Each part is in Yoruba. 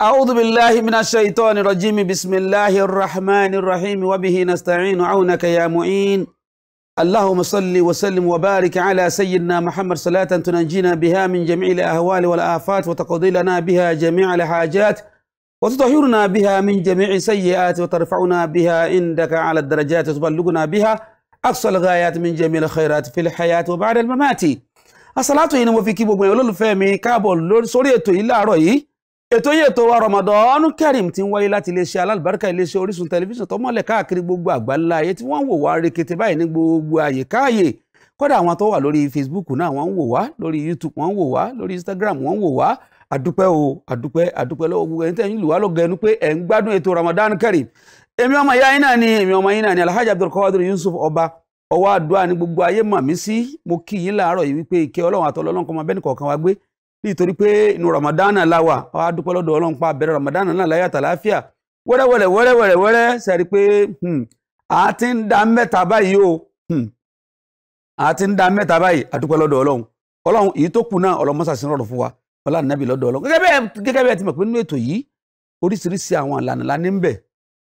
أعوذ بالله من الشيطان الرجيم بسم الله الرحمن الرحيم وبه نستعين عونك يا معين اللهم صل وسلم وبارك على سيدنا محمد صلاة تنجينا بها من جميع الأهوال والآفات وتقضي لنا بها جميع الحاجات وتطهرنا بها من جميع السيئات وترفعنا بها عندك على الدرجات وتبلغنا بها أقصى الغايات من جميع الخيرات في الحياة وبعد الممات الصلاة هنا وفي كيبو ولول فامي كابول لول سوريتو إلا رأيي ètò yìí ètò wa Ramadan Kareem ti ń wáyé láti iléeṣẹ́ alálùbáríkà iléeṣẹ́ Orísun tẹlifíṣàn tó mọ́lẹ̀ káàkiri gbogbo àgbáńlá ayé tí wọ́n ń wò wá rekete báyìí ní gbogbo àyè káàyè kódà àwọn tó wà lórí Facebook náà wọ́n ń wò wá lórí YouTube wọ́n ń wò wá lórí Instagram wọ́n ń wò wá àdúpẹ́ o àdúpẹ́ àdúpẹ́ lọ́wọ́ gbogbo ẹni tẹ́yìn lù lọ́gọ ẹnu pé ẹ̀ ń gbádùn ètò Ramadan Kareem èmi ọmọ ìyá yín náà ni èmi Yusuf ọba ọwọ́ àdúrà ni gbogbo ayé mọ̀ mí sí mo kí yín láàárọ̀ yìí wípé ìkẹ́ Ọlọ́run àtọlọ́lọ́run kọ́mọ nítorí pé inú Ramadan láwà wàá dúpẹ́ lọ́dọ̀ ọlọ́run pa abẹ́rẹ́ Ramadan náà láyà tàlàáfíà wẹ́rẹ́wẹ́rẹ́ wẹ́rẹ́wẹ́rẹ́ wẹ́rẹ́ sẹ́rí pé hmm, a ti ń da mẹ́ta báyìí o hmm, a ti ń da mẹ́ta báyìí a dúpẹ́ lọ́dọ̀ ọlọ́run ọlọ́run èyí tó kù náà ọlọ́mọ́sàsí rọrùn fún wa ọlá nàbì lọ́dọ̀ ọlọ́run gẹ́gẹ́ bẹ́ẹ̀ ti mọ̀ pé nínú ètò yìí oríṣiríṣi àwọn ìlànà la ní ń bẹ̀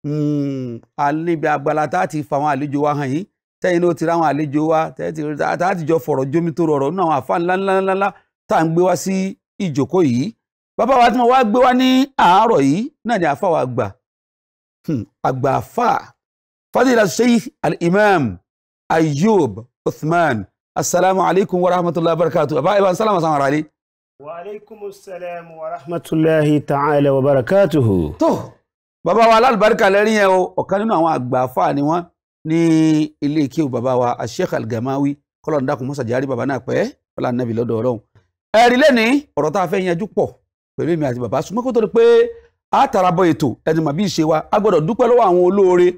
hmm, alẹ́bi agbala tá a ti fa àwọn àlejò wa hàn yìí tẹ́yìn ló ti ra àwọn àlejò wa tẹ́yìn tá a ti jọ fọ̀rọ̀ jómi tó rọrọ̀ nínú àwọn àfa ńláńláńlá tá à ń gbé wá sí ìjòkó yìí bàbá wa tí mo wá gbé wá ní àárọ̀ yìí náà ni àfáà wa àgbà hmm, àgbà àfáà fadila sheikh al-imam ayub uthman asalaamu alaykum wa rahmatulahi barakatu bàbá ibà sálámà sáwọn ará wa aleykum salaam wa rahmatulahi ta'ala wa barakatuhu. tó bàbá wa alálùbáríkà lẹ́rìn yẹn o ọ̀kan nínú àwọn àgbà àfáà ni wọ́n ní ilé ìkéwù bàbá wa asheikh al-gamawi kọ́lọ̀ ń dákun mọ́sàjárí bàbá náà pẹ́ fọlá nàbì lọ́dọ̀ ẹ̀rí lẹ́ni ọ̀rọ̀ tá a fẹ́ yanjú pọ̀ pẹ̀lú èmi àti bàbá súnmọ́ kó tó di pé a tara bọ ètò ẹ̀dùn màbí ìṣe wa a gbọ́dọ̀ dúpẹ́ lọ́wọ́ àwọn olóore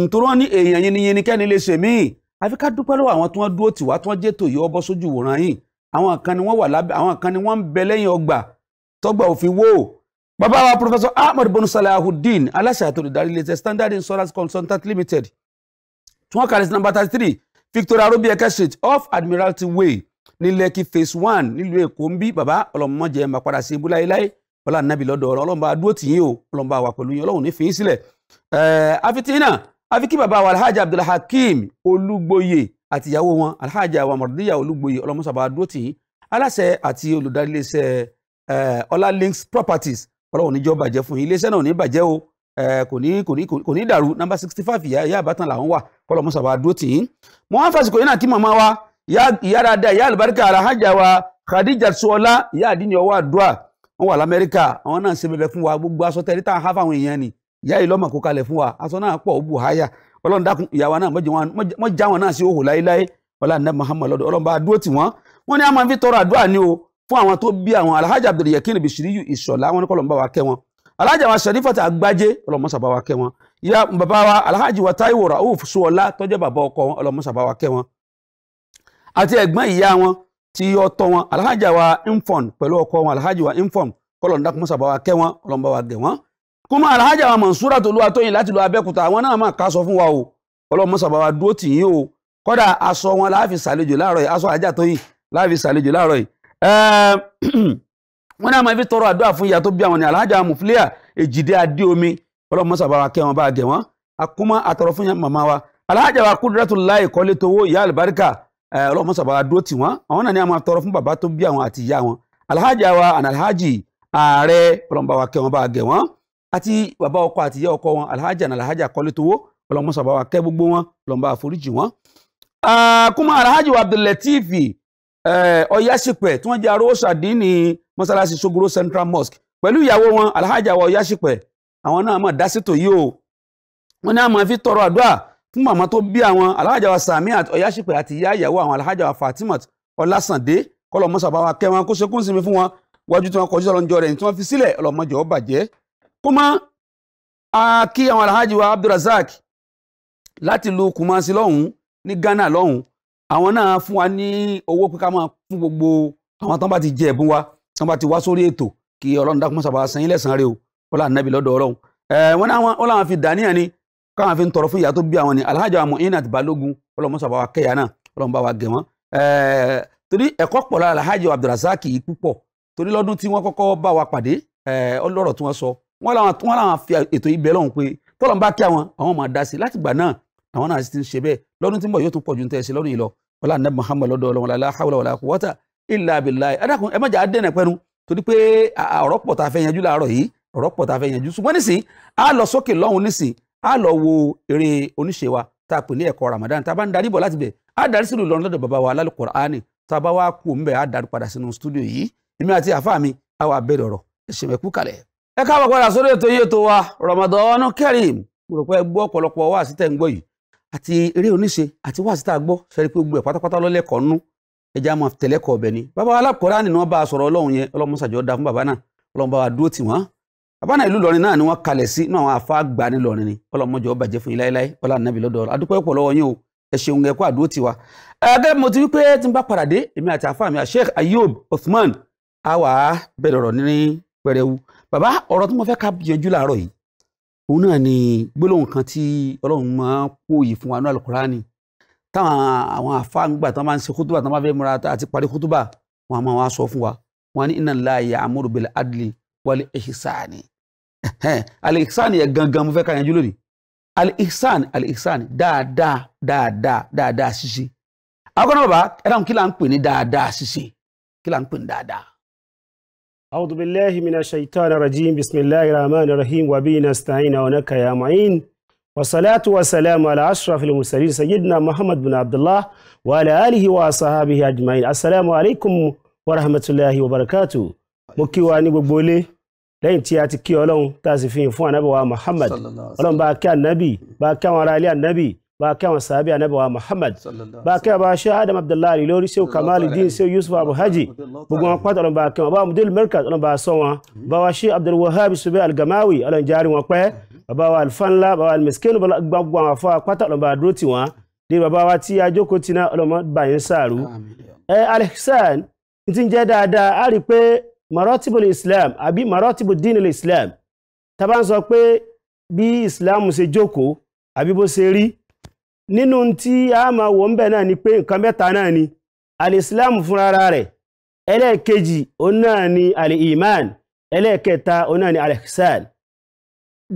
nítorí wọ́n ní èèyàn yín ni yín ni kẹ́ni lè ṣe míì àfi ká dúpẹ́ lọ́wọ́ àwọn tí wọ́n dúró tì wá tí wọ́n jẹ́ tòyí ọbọ̀ sójú wòran yìí àwọn kan ni wọ́n wà lábẹ́ àwọn kan ni wọ́n ń bẹ lẹ́yìn ọgbà tọ́gbà òfin wò bàbá wa Professor Ahmed Bonu Salahuddin aláṣẹ àti olùdarí ilé Standard Insurance Consultant Limited tí wọ́n kàlẹ́ sí number thirty three Victoria Robi Eke Street off Admiralty Way ní lẹ́kì phase one nílùú èkó ń bí bàbá ọlọ́mọdé ẹ̀ máa padà sí ibú láéláé ọlá nàbì lọ́dọ̀ ọ̀rọ̀ ọlọ́mọba adúró tì yín o ọlọ́mọba wà pẹ̀lú yín ọlọ́run ní fi yín sílẹ̀ eh, afitina afiki bàbá wa alhaji abdulhakeem olúgbòye àti ìyàwó wọn alhaji awamọ̀díyà olúgbòye ọlọ́mọsàbà adúró tì yín aláṣẹ àti olùdarílẹ̀ṣẹ̀ eh, ọlá links properties ọlọ́run níjọ́ bàjẹ́ fún yín iléeṣẹ́ náà ní bàjẹ́ o eh, number sixty five ìyá ìyá àbátan làwọn wà kọlọmọsàbà adúró tì yín mo wá wa ìyá dáadáa ìyá àlùbáríkà alhaja wa khadija suola ìyá àdínní ọwọ́ àdúrà wọn wà lamẹ́ríkà àwọn náà ṣe bẹ̀bẹ̀ fún wa gbogbo aṣọ tẹ̀lé tá à ń há fáwọn èèyàn ni ìyá yìí lọ́mọ̀ kó kalẹ̀ fún wa aṣọ náà pọ̀ ó bù háyà ọlọ́run dákun ìyàwó náà mọ̀ já wọn náà sí òhò láéláé ọlá nàbẹ muhammed lọ́dọ̀ ọlọ́run bá dúró tì wọ́n wọ́n ní a máa fi tọrọ àdúrà ni o fún àwọn tó bí àwọn alhaji abdulyakin bishiriyu ìṣọ̀lá wọn ní kọlọ̀ ń bá wa kẹ́ wọn alhaji àwọn sharifat agbájé ọlọ́mọṣà bá wa kẹ́ wọn ìyá bàbá wa alhaji wa taiwo rauf suwọlá tọ́jọ́ bàbá ọkọ wọn ọlọ́mọṣà bá wa kẹ́ àti ẹ̀gbọ́n ìyá wọn tí ó wọn alhaji wa inform pẹ̀lú ọkọ wọn alhaji wa inform kọlọ̀ ń dákúmọ́sà bá wa kẹ́ wọn ọlọ́mọba wa gẹ̀ wọ́n kúmọ́ alhaji wa Mansura tó lówa tóyìn láti lọ Abẹ́òkúta àwọn náà máa ká sọ fún wa o ọlọ́mọsà bá wa dúró tì yín o kọ́dà aṣọ wọn láàfin ṣàlejò láàárọ̀ yìí aṣọ ajá tóyìn láàfin ṣàlejò láàárọ̀ yìí wọ́n náà máa fi tọrọ àdúrà fún ìyá tó bí àwọn ní alhaji wa Mufliya Èjìdé Adéomi ọlọ́mọsà bá wa wa alhaji ọlọ́run mọ́sà bá dúró tì wọ́n àwọn náà ni a máa tọrọ fún bàbá tó bí àwọn àti ìyá wọn alhaji àwa àna alhaji ààrẹ ọlọ́run bá wa kẹ́ wọn bá gẹ̀ wọ́n àti bàbá ọkọ àti ìyá ọkọ wọn alhaji àna alhaji àkọ́létowó ọlọ́run mọ́sà bá wa kẹ́ gbogbo wọn ọlọ́run bá wa foríjì wọ́n. kúmọ̀ alhaji wa abdullatif ọ̀yáṣípẹ̀ tí wọ́n jẹ́ arósàdín ní mọ́sálásí sogoro central mosque pẹ̀lú ìyàwó wọn alhaji àwa ọ̀yáṣípẹ̀ àwọn náà mọ̀ dásítò yìí o wọ́n ní àmọ́ fi tọrọ àdúrà fún màmá tó bí àwọn alhaja wa samiat ọyáṣípẹ àti ìyá ìyàwó àwọn alhaja wa fatimat ọlásàndé kọlọmọsà bá wa kẹ́ wọn kó sekún sinmi fún wọn wájú tí wọn kọjú sọlọńjọ rẹ ní tí wọn fi sílẹ̀ ọlọmọjọ ó bàjẹ́ kó mọ kí àwọn alhaji wa abdulrasaq láti lu Kumasi lọ́hùnún ní Ghana lọ́hùnún àwọn náà fún wa ní owó pé ká máa fún gbogbo àwọn tán bá ti jẹ ẹ̀bùn wa tán bá ti wá sórí ètò kí Ọlọ́run dákúmọsà bá wa san yín lẹ́san rẹ̀ o wọ́n là ń lọ́dọ̀ Ọlọ́run wọn làwọn fi dàníyàn ni káwọn fi ń tọrọ fún ìyá tó bí àwọn ni alhaji àwọn Muinat balógun ọlọmọ sábà wa kẹyà náà ọlọmọ bá wa gẹ wọn eh, torí ẹ̀kọ́ pọ̀ lára alhaji abdulrasaq yìí púpọ̀ torí lọ́dún tí wọ́n kọ́kọ́ bá wa pàdé ọlọ́rọ̀ eh, tí wọ́n sọ wọ́n làwọn wọ́n làwọn fi ètò ibẹ̀ lọ́hùn pé tọ́lọ̀ ń bá kí àwọn àwọn máa dá láti gbà náà àwọn náà ti ń ṣe bẹ́ẹ̀ lọ́dún tí ń yóò tún pọ̀ ju tẹ̀sí lọ́dún yìí lọ ọlá nàbì muhammed lọ́dọ̀ ọlọ́run la hawla wala quwwata illa billahi adákun ẹ má jà á dẹ̀nà pẹ́nu torí pé ọ̀rọ̀ pọ̀ tá a fẹ́ yanjú láàárọ̀ yìí ọ̀rọ̀ pọ̀ tá a fẹ́ yanjú ṣùgbọ́n nísìn á lọ a lọ wo eré oníṣe wa tá a pè ní ẹ̀kọ́ Ramadan tá a bá ń darí bọ̀ láti bẹ̀ a darí sílùú Ìlọrin lọ́dọ̀ bàbá wa Al-Qur'ani tá a bá wá kú òun bẹ̀ a darí padà sínú stúdíò yìí èmi àti àfa mi a wà bẹ̀rẹ̀ ọ̀rọ̀ ìṣèmẹ̀kú kalẹ̀. ẹ káàbọ̀ padà sórí ètò yìí ètò wa Ramadan Kareem mo rò pé ẹ gbọ́ ọ̀pọ̀lọpọ̀ wá sí tẹ̀ ń gbọ́ yìí àti eré oníṣe àti wá sí tá a gbọ́ sẹ́ni pé gbogbo ẹ̀ pátápátá lọ́lẹ́kọ̀ọ́ nú ẹja máa tẹ̀lẹ́kọ̀ọ́ bẹ̀ ni bàbá wa al àbáná ìlú Ìlọrin náà ni wọ́n kalẹ̀ sí inú àwọn afá àgbà nílọrin ni ọlọmọjọ ó bàjẹ́ fún yín láéláé ọlá nàbì lọ́dọ̀ adúpẹ́ pọ̀ lọ́wọ́ yín o ẹ ṣeun ẹ kú àdúró tiwa. ẹgẹ́ mo ti wí pé tí n bá padà dé èmi àti àfáà mi Sheikh Ayub Othman a wà á bẹ̀rẹ̀ ọ̀rọ̀ ní pẹrẹwu bàbá ọ̀rọ̀ tí mo fẹ́ ká yanjú láàárọ̀ yìí òun náà ni gbólóhùn kan tí Ọlọ́run máa kó yìí fún wa ní alukurani táwọn àwọn àfáà ń gbà tí wọ́n máa ń ṣe kútúbà tí wọ́n máa fẹ́ adli wal ihsani al-ihsan yẹn gangan mo fẹ́ ká yanjú lónìí al-ihsan al-ihsan dáadáa dáadáa dáadáa ṣíṣe akọ́nà bàbá ẹ dáhùn kí là ń pè ní dáadáa ṣíṣe kí là ń pè ní dáadáa. أعوذ بالله من الشيطان الرجيم بسم الله الرحمن الرحيم وبه نستعين عونك يا معين والصلاة والسلام على أشرف المرسلين سيدنا محمد بن عبد الله وعلى آله وصحابه أجمعين السلام عليكم ورحمة الله وبركاته mo kí wa ní gbogbo ilé lẹ́yìn tí a ti kí ọlọ́run tá a sì fi hàn fún ànábì wa muhammad ọlọ́run bá a kí ànábì bá a kí àwọn ará ilé ànábì bá a kí àwọn sàábì ànábì wa muhammad bá a kí àbá ṣe adam abdullahi lórí ṣe kamali dín ṣe yusuf abuhaji gbogbo wọn pátá ọlọ́run bá a kí wọn bá abdul merkaz ọlọ́run bá a sọ wọn bá wa ṣe abdulwahab sube algamawi ọlọ́run jaari wọn pẹ́ bàbá wa alfanla bàbá wa almiskinu gbogbo àwọn afọ pátá ọlọ́run bá a dúró tì ní bàbá wa tí a jókòó tì náà bá yẹn sáàrú. ẹ alexan maratibul islam àbí maratibul dinil islam tá ń sọ pé bí islam ṣe jókòó àbí bó ṣe rí nínú tí a máa wò ń bẹ̀ náà ni pé nǹkan mẹ́ta náà ni alìsílámù fúnra rẹ̀ ẹlẹ́ẹ̀kejì òun náà ni alìhìmán ẹlẹ́ẹ̀kẹta òun náà ni alìhìsán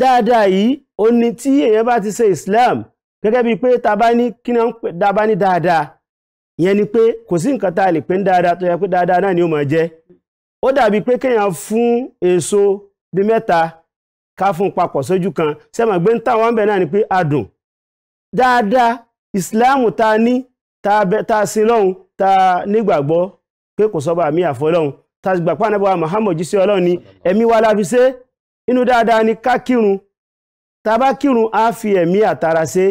dáadáa yìí ó ní tí èèyàn bá ti ṣe islam gẹ́gẹ́ bíi pé ta bá ní kí náà dábá ní dáadáa ìyẹn ni pé kò sí nǹkan tá a lè pè ní dáadáa tó yẹ pé dáadáa náà ni ó máa jẹ́ ó dàbí pé kéèyàn fún èso bí mẹ́ta ká fún papọ̀ sójú kan sẹ́mọ̀ gbé ń táwọn bẹ̀ náà ni pé adùn dáadáa ìsìláàmù tá a ní tá a sin lọ́hùn tá a nígbàgbọ́ pé kò sọ́ba àmì àfọlọ́hùn tá a gbà pé anábọ̀ Muhammad jíṣẹ́ ọlọ́run ni ẹ̀mí wa la fi ṣe inú dáadáa ni ká kírun tá a bá kírun á fi ẹ̀mí àtara ṣe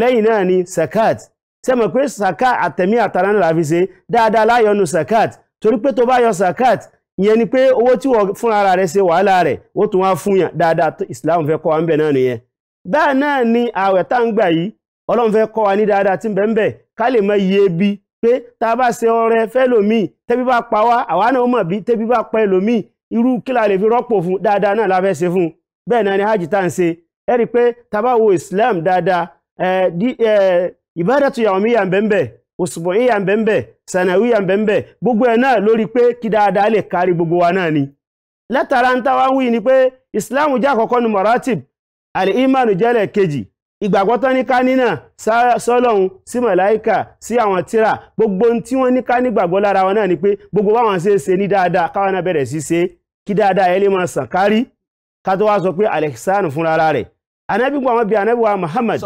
lẹ́yìn náà ni sakat sẹ́mọ̀ pé sakat àtẹ̀mí àtara náà la fi ṣe dáadáa láyọ̀ nu sakat torí pé tó bá yọ sakat ìyẹn ni pé owó tí wọ́n fún ara rẹ̀ ṣe wàhálà rẹ̀ ó tún wá fún yàn dáadáa tó islam fẹ́ kọ́ wa ń bẹ̀ náà nìyẹn bẹ́ẹ̀ náà ni ààwẹ̀ tá ń gbà yìí ọlọ́run fẹ́ kọ́ wa ní dáadáa tí ń bẹ̀ ń bẹ̀ ká lè mọ iye bí pé tá a bá ṣe ọrẹ fẹ́ tẹ́bí bá pa wá àwa náà mọ̀ bí tẹ́bí bá pa ẹlòmíì irú kí la lè fi rọ́pò fún dáadáa náà la ṣe fún bẹ́ẹ̀ náà ni hajj tá ń ṣe ẹ rí i pé tá a bá wo islam dáadáa ìbádàtú yawmiya ń bẹ̀ ń bẹ̀ òṣùbọ̀yíyà ń bẹ́ńbẹ́ sànàwíyà ń bẹ́ńbẹ́ gbogbo ẹ̀ náà lórí pé kí dáadáa lè kárí gbogbo wa náà ni látara ń táwa ń wí ni pé ìsìláàmù jẹ́ àkọ́kọ́ ní maratib al-imanu jẹ́lẹ̀ kejì ìgbàgbọ́ tán ní ká nínà sọ́lọ́hun sí màláìkà sí àwọn tíra gbogbo tí wọ́n ní ká nígbàgbọ́ lára wọn náà ni pé gbogbo báwọn ṣe é ṣe ní dáadáa káwọn náà bẹ̀rẹ̀ sí ṣe kí dáadáa ẹ máa sàn kárí ká tó wá sọ pé alexander fúnra rẹ̀ anábígbọ́n wọn bí anábíwá muhammad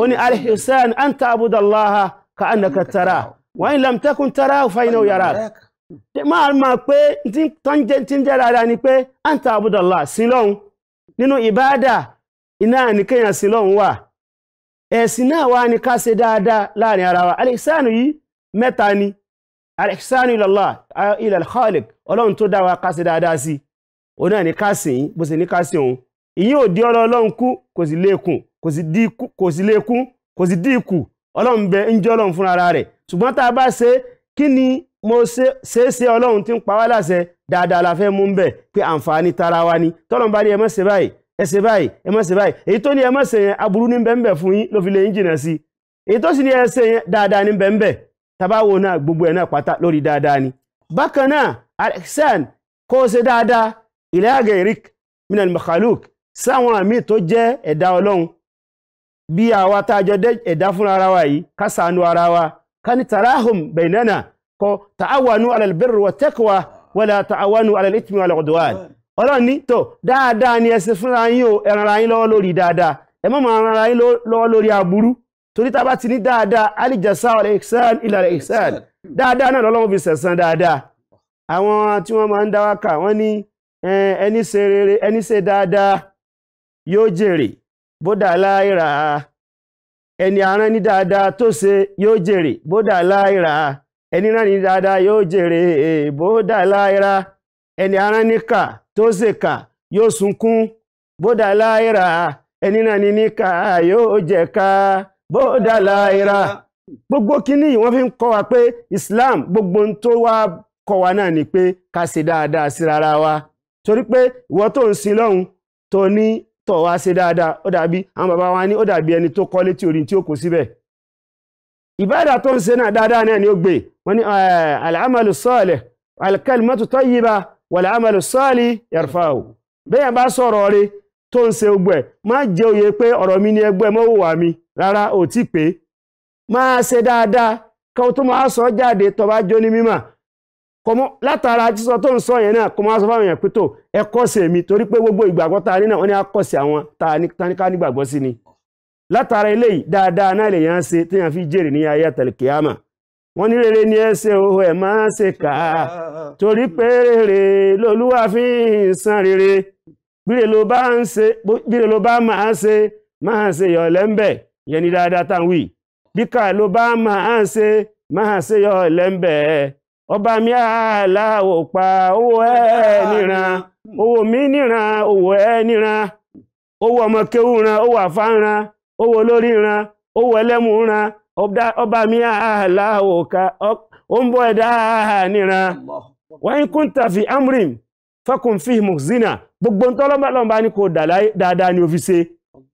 ó ní alexander anta abudallaha ka'annaka tarahu wa in lam takun tarahu fa innahu yarak máa máa pé tí ń jẹ́ dáadáa ni pé anta abudullah sílọ́hun nínú ìbáàdà iná ní kéèyàn sílọ́hun wà ẹ̀sìn sina wá ní ká ṣe dáadáa láàrin ara wa alexander yìí mẹ́ta ni alexander ilallah ilal khaliq ọlọ́run tó dá wa ká ṣe dáadáa sí òun náà ní ká sìn bó sì ní ká sìn òun ìyín ò dí ọlọ́run kú kò sì lékun kò sì dí ikú ọlọ́run bẹ ń jẹ́ ọlọ́run fúnra rẹ̀ ṣùgbọ́n tá bá ṣe kí ni mo ṣe é ṣe ọlọ́run tí ń pa wá láṣẹ dáadáa la fẹ́ mú ń bẹ̀ pé àǹfààní tara wa ni tọ́lọ́run bá ní ẹ má ṣe báyìí ẹ ṣe báyìí ẹ má ṣe báyìí èyí tó ní ẹ má ṣe yẹn aburú ní bẹ́ẹ̀ fún yín ló fi lè yín jìnà sí èyí tó sì ní ẹ yẹn dáadáa ní bẹ́ẹ̀ tábà wo náà gbogbo ẹ̀ náà pátá lórí dáadáa ni. bákan náà alexan kó o ṣe dáadáa ilẹ̀ àgẹ̀rìk minal makhluk sáwọn àmì tó jẹ́ ẹ̀dá ọlọ́run bí àwa tá a jọ ẹ̀dá fúnra ara wa yìí ká ṣàánú ara wa ká ní tarahum bainana kọ ta'awanu ala albirri wa taqwa wala ta'awanu ala alithmi wal udwan ọlọ́run ní tó dáadáa ni ẹsẹ̀ fúnra yín o ẹran ara yín lọ́wọ́ lórí dáadáa ẹ má máa ran ara yín lọ́wọ́ lórí aburú torí tá a bá ti ní dáadáa alìjẹsà wal ihsan dáadáa yóò jèrè bódà láìra ẹni aràn ní dáadáa tó ṣe yóò jèrè bódà láìra ẹni rán ní dáadáa yóò jèrè bódà láìra ẹni aràn ní kà tó ṣe kà yóò sunkún bódà láìra ẹni rán ní níkà yóò jẹ ká bódà láìra gbogbo kíní yìí wọ́n fi ń kọ́ wa pé Islam gbogbo ohun tó wá kọ́ wa náà ni pé ká ṣe dáadáa sí rárá wa torí pé ìwọ tó ń sin lọ́hùn tó ní tó wá ṣe dáadáa ó dàbí àwọn bàbá wa ní ó dàbí ẹni tó kọ́ létí orin tí ó kò síbẹ̀ ìbádà tó ń ṣe náà dáadáa náà ni ó gbé wọ́n ní al-amalu salih al-kalimatu tayyiba wal-amalu salih yarfa'u bẹ́ẹ̀ bá sọ̀rọ̀ rẹ̀ tó ń ṣe ogbẹ̀ má jẹ́ òye pé ọ̀rọ̀ mi ni ẹgbẹ́ mọ́ wà mi rárá ò tí pé máa ṣe dáadáa kan tó máa sọ jáde tó bá jó ní kọmọ látara tó ń sọ yẹn náà kọmọ asọ fáwọn èèyàn pé tó ẹ èmi torí pé gbogbo ìgbàgbọ́ ta ni náà wọ́n àwọn taníká nígbàgbọ́ ni látara eléyìí dáadáa náà lè yàn ṣe téèyàn fi jèrè ní ayé ni ẹ ṣe ẹ máa ṣe kà á torí pé rere lolúwa fi ń san ọba mi aláwọ̀ pa owó ẹ níran owó mi níran owó ẹ níran owó ọmọ ran owó àfa owó olórí ran owó ẹlẹ́mú ran ọba mi aláwọ̀ ka ó ń bọ́ ẹ̀dá níran wáyé ni kò dáadáa ni fi ṣe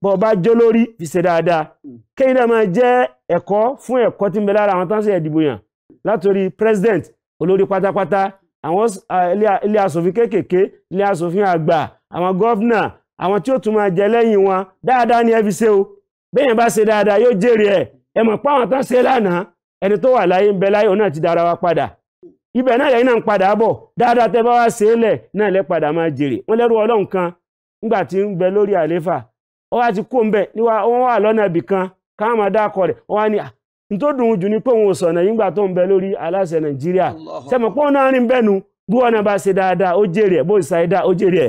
bọ́ jó lórí fi ṣe dáadáa hmm. kéyìn náà máa jẹ́ ẹ̀kọ́ fún ẹ̀kọ́ tí ń bẹ lára àwọn ẹ̀dìbò yàn látòrí president olórí pátápátá àwọn ilé asòfin kéékèèké ilé asòfin àgbà àwọn gọ́vnà àwọn tí ó tún máa jẹ lẹ́yìn wọn dáadáa ni ẹ fi ṣe o bẹ́yẹn bá ṣe dáadáa yóò jèrè ẹ̀ ẹ mọ̀ pé àwọn tán ṣe lánàá ẹni tó wà láyé ń bẹ láyé òun náà ti dára wa padà ibẹ̀ náà lẹ́yìn náà ń padà bọ̀ dáadáa tẹ́ bá wá ṣe é lẹ̀ náà lẹ́ padà máa jèrè wọ́n lẹ́rú ọlọ́run kan nígbà tí ń bẹ lórí àléfà ó wá ti kó ń bẹ wọ́n wà lọ́nà ibì kan káwọn máa dákọ̀ rẹ̀ wọ́n wá ní n tó dùn jù ní pé òun yíngbà tó ń bẹ lórí aláṣẹ nàìjíríà sẹ́mọ̀ pọ́n náà rìn bẹnu bí bá ṣe dáadáa ó jèrè ẹ̀ ó jèrè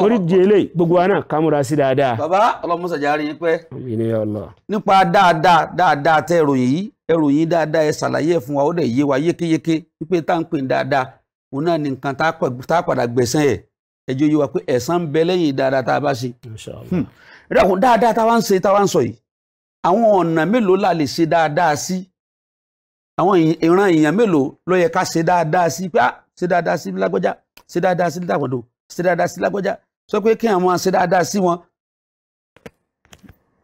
torí gbogbo wa náà sí dáadáa. bàbá ọlọmọsà járe yín nípa dáadáa dáadáa tẹ yìí yìí dáadáa wa ó yé wa yékéyéké wípé tá pè dáadáa òun náà ní nǹkan tá wa pé àwọn ọ̀nà mélòó la lè ṣe dáadáa sí àwọn ìran èèyàn mélòó ló yẹ ká ṣe dáadáa sí pé ah, ṣe dáadáa sí lágbọ́já ṣe dáadáa sí dàgbọ̀dọ̀ ṣe dáadáa sí lágbọ́já sọ pé kí àwọn ṣe dáadáa sí wọn.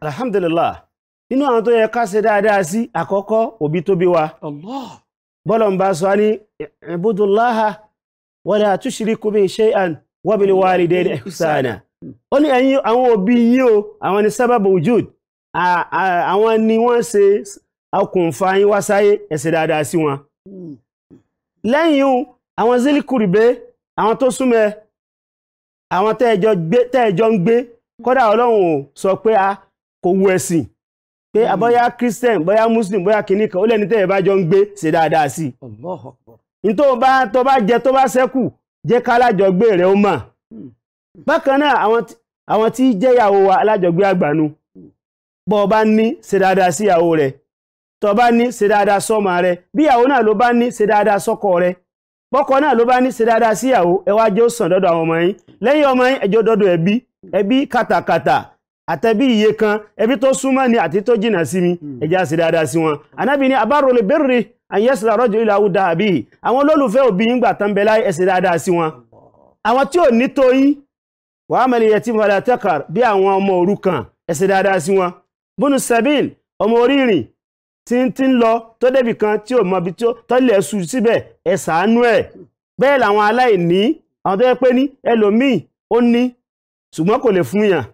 alhamdulillah inú àwọn tó yẹ ká ṣe dáadáa sí àkọ́kọ́ òbí tó bí wa bọ́lọ̀ sọ ní ibudulaha wala tushriku bi shay'an wa bil walidayni ihsana ó ní ẹ̀yin àwọn òbí yìí o àwọn ni sábàbù wujud àwọn ni wọ́n ṣe okùnfà yín wá sáyé ẹ ṣe dáadáa sí wọn hmm. lẹ́yìn o àwọn zilikuribe àwọn tó súnmọ́ àwọn tẹ́ẹ̀jọ ń gbé kódà ọlọ́run ò sọ pé a kò wu ẹ̀sìn pé àbọ́yá hmm. christian bọ́yá muslim bọ́yá kìíní kan ó lẹ́ni tẹ́ẹ̀ bá jọ ń gbé ṣe dáadáa sí i tó bá tó bá jẹ tó bá ṣẹ́kù jẹ́ ká alájọgbé rẹ̀ ó mà hmm. bákan náà àwọn tí jẹ́yàwó wa alájọgbé àgbànú bọ́ bá ní ṣe dáadáa sí ìyàwó rẹ̀ tọ́ bá ní ṣe dáadáa sọ́mọ rẹ̀ bí ìyàwó náà ló bá ní ṣe dáadáa sọ́kọ rẹ̀ bọ́kọ náà ló bá ní ṣe dáadáa sí ìyàwó ẹ jẹ́ ó sàn dọ́dọ̀ àwọn ọmọ yín lẹ́yìn ọmọ yín ẹjọ́ dọ́dọ̀ ẹbí ẹbí kàtàkàtà àtẹ̀bí iye kan ẹbí tó súnmọ́ ni àti tó jìnnà sí mi ẹ jẹ́ á ṣe dáadáa sí wọn ànábì ní abáròlè bẹ́rẹ̀ àyẹ́sìlá rọ́jò ilà awúdà àbí àwọn olólùfẹ́ òbí yín gbà tán bẹ láì ẹ dáadáa sí wọn àwọn tí ò ní tó yín wàá yẹtí mọ́lá tẹ́kà bí àwọn ọmọ òrukàn ẹ dáadáa sí wọn bùnú sabil ọmọ orírìn tí ń tí ń lọ tó débì kan tí ò mọbi tí ó tọ́lẹ̀ ẹ̀sù síbẹ̀ ẹ ṣàánú ẹ̀ bẹ́ẹ̀ làwọn aláìní àwọn tó yẹ pé ni ẹlòmíì ó ní ṣùgbọ́n kò lè fún yàn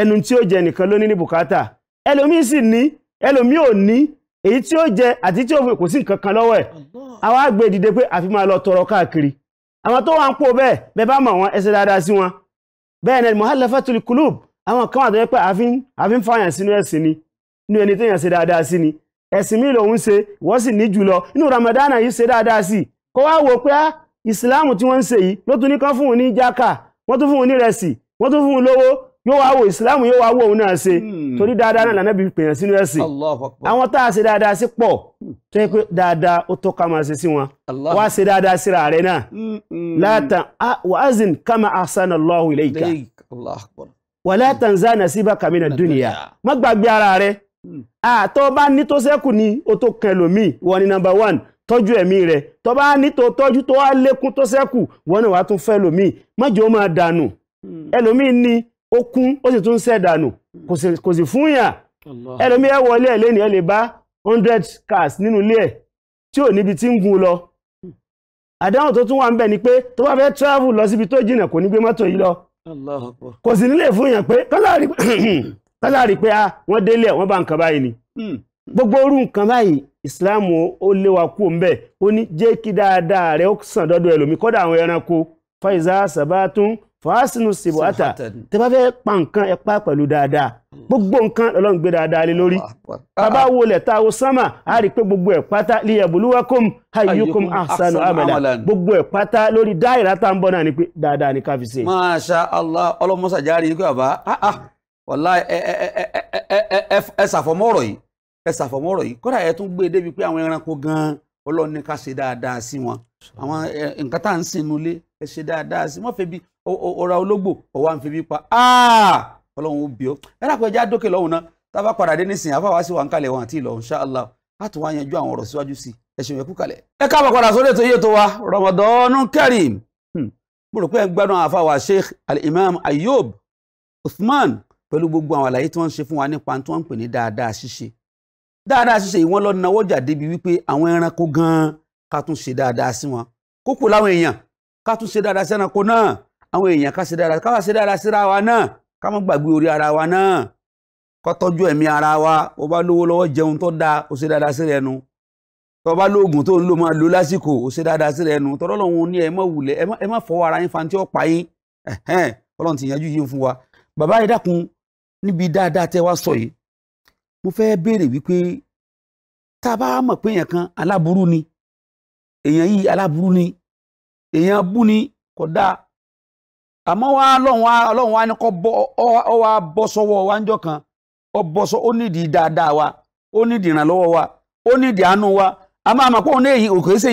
ẹnu tí ó jẹ nìkan ló ní ní bùkátà ẹlòmíì sì ní ẹlòmíì ò ní èyí tí ó jẹ àti tí ó fún kò sí nǹkan kan lọ́wọ́ ẹ̀ àwa gbé e dìde pé àfi máa lọ tọrọ káàkiri àwọn tó wà ń pò bẹ́ẹ̀ bẹ́ẹ̀ bá mọ̀ wọn ẹsẹ̀ dáadáa sí wọn bẹ́ẹ̀ muhallafatul kulub àwọn kan àtọ́jẹ́ pé àfin fàyàn sínú ẹ̀sìn ni inú ẹni tó yàn ṣe dáadáa sí ni ẹ̀sìn mi lòun ṣe wọ́n sì ní jùlọ inú Ramadan yìí ṣe dáadáa sí kó wá wò pé ah, ìsìláàmù tí wọ́n ń ṣe yìí ló tún ní kán fún un ní jákà wọ́n tún fún un ní rẹsì wọ́n tún fún un lówó yóò wá wo ìsìláàmù yóò wá wo òun náà ṣe hmm. torí dáadáa náà lànà bí pèèyàn sínú ẹ̀sìn àwọn tá a ṣe dáadáa sí pọ̀ tó yẹ pé dáadáa ó tó ká máa ṣe sí wọn wá ṣe dáadáa síra rẹ náà hmm, hmm. látàn wàázìn kama ahsanallahu ilayka wala hmm. tanza nasibaka mina dunya má gbàgbé ara rẹ hmm. àtọ́ bá ní tó sẹ́kù ni o tó kan ẹlòmíì wọ́n ní number one tọ́jú ẹ̀mí rẹ tọ́ bá ní tó tọ́jú tó wá lékún tó sẹ́kù wọ́n náà wá tún fẹ́ ẹlòmíì má máa dànù hmm. ẹlòmíì ni ó kún ó sì tún sẹ́ dànù kò sì fún yàn ẹlòmíì ẹ wọlé ẹ lẹ́nu ẹ lè bá hundred cars nínú ilé ẹ tí ò níbi tí ń gun lọ àdáhùn tó tún wà ń bẹ̀ ni pé tó bá fẹ́ travel lọ síbi tó jìnnà kò ní gbé mọ́tò yìí lọ kò sì nílé fún yàn pé kọ́láàrí pé ah, wọ́n délé wọ́n bá nǹkan báyìí ni hmm. gbogbo orú nǹkan báyìí Islam ó léwa kú ńbẹ ó ní jẹ́ kí dáadáa rẹ̀ ó sàn dọ́dọ̀ ẹlòmí kọ́dà àwọn ẹranko faiza sabatun fàásìnù síbò àtà tẹ bá fẹ́ pa nǹkan ẹ pa pẹ̀lú dáadáa gbogbo nǹkan Ọlọ́run gbé dáadáa lé lórí bàbá wo lẹ̀ ta wo sánmà a rí pé gbogbo ẹ̀ pátá liyabluwakum ayyukum ahsanu amala gbogbo ẹ̀ pátá lórí dáìrá tá ń bọ̀ náà ni pé dáadáa ni káfí ṣe. Masha Allah ọlọmọsà járe yìí kò bàbá wàlá ẹ ṣàfọmọ ọ̀rọ̀ yìí ẹ ṣàfọmọ ọ̀rọ̀ yìí kódà ẹ tún gbé débi pé àwọn ẹranko gan-an ọlọ́run ní ká ṣe dáadáa sí wọn àwọn nǹkan tá à ń sinú lé ẹ ṣe dáadáa sí wọn fẹbi ọ̀rọ̀ ológbò ọ̀wá ń fẹbi pa ọlọ́run ó bí ọ ẹ dàpọ̀ ẹja dókè lọ́hùn náà tábà padà dé nísìnyí àfàwá sí wa ń kalẹ̀ wọn àti ìlọ inshallah á tún wá yanjú àwọn ọ̀rọ̀ síwájú sí ẹ ṣe yẹkú kalẹ̀. ẹ káàbọ̀ padà sórí ètò yẹtò wa Ramadan Kareem hmm. mo rò pé ẹ gbádùn àfàwá Sheikh Al-Imam Ayob, Uthman pẹ̀lú gbogbo àwọn àlàyé tí wọ́n ń ṣe fún wa nípa tí wọ́n ń pè ní dáadáa ṣíṣe dáadáa ṣíṣe ìwọ́n lọ nawọ́ jà débi wípé àwọn ẹranko gan-an ká tún ṣe dáadáa sí wọn kókò láwọn èèyàn ká tún ṣe dáadáa sí ẹranko náà àwọn èèyàn ká ṣe dáadáa ká wá ṣe dáadáa síra wa náà ká má gbàgbé orí ara wa náà ká tọ́jú ẹ̀mí ara wa ó bá lówó lọ́wọ́ jẹun tó dáa ó ṣe dáadáa sí rẹnu tó bá lóògùn tó ń lò máa lò lásìkò ó ṣe dáadáa sí rẹnu tọ́lọ́ lọ́hún ní wa bàbá dáadáa tẹ wá sọ yìí mo fẹ́ béèrè wípé ta bá mọ̀ pé èèyàn kan aláburú ni èèyàn yìí aláburú ni èèyàn bú ni kò dáa àmọ́ wá ọlọ́run wá ọlọ́run wá ní bọ́ ọ wá bọ́ sọ́wọ́ kan ọ bọ́ sọ ó nídìí dáadáa wa ó nídìí ìrànlọ́wọ́ wa ó nídìí àánú wa a máa mọ̀ pé òun èyí òkè re ṣé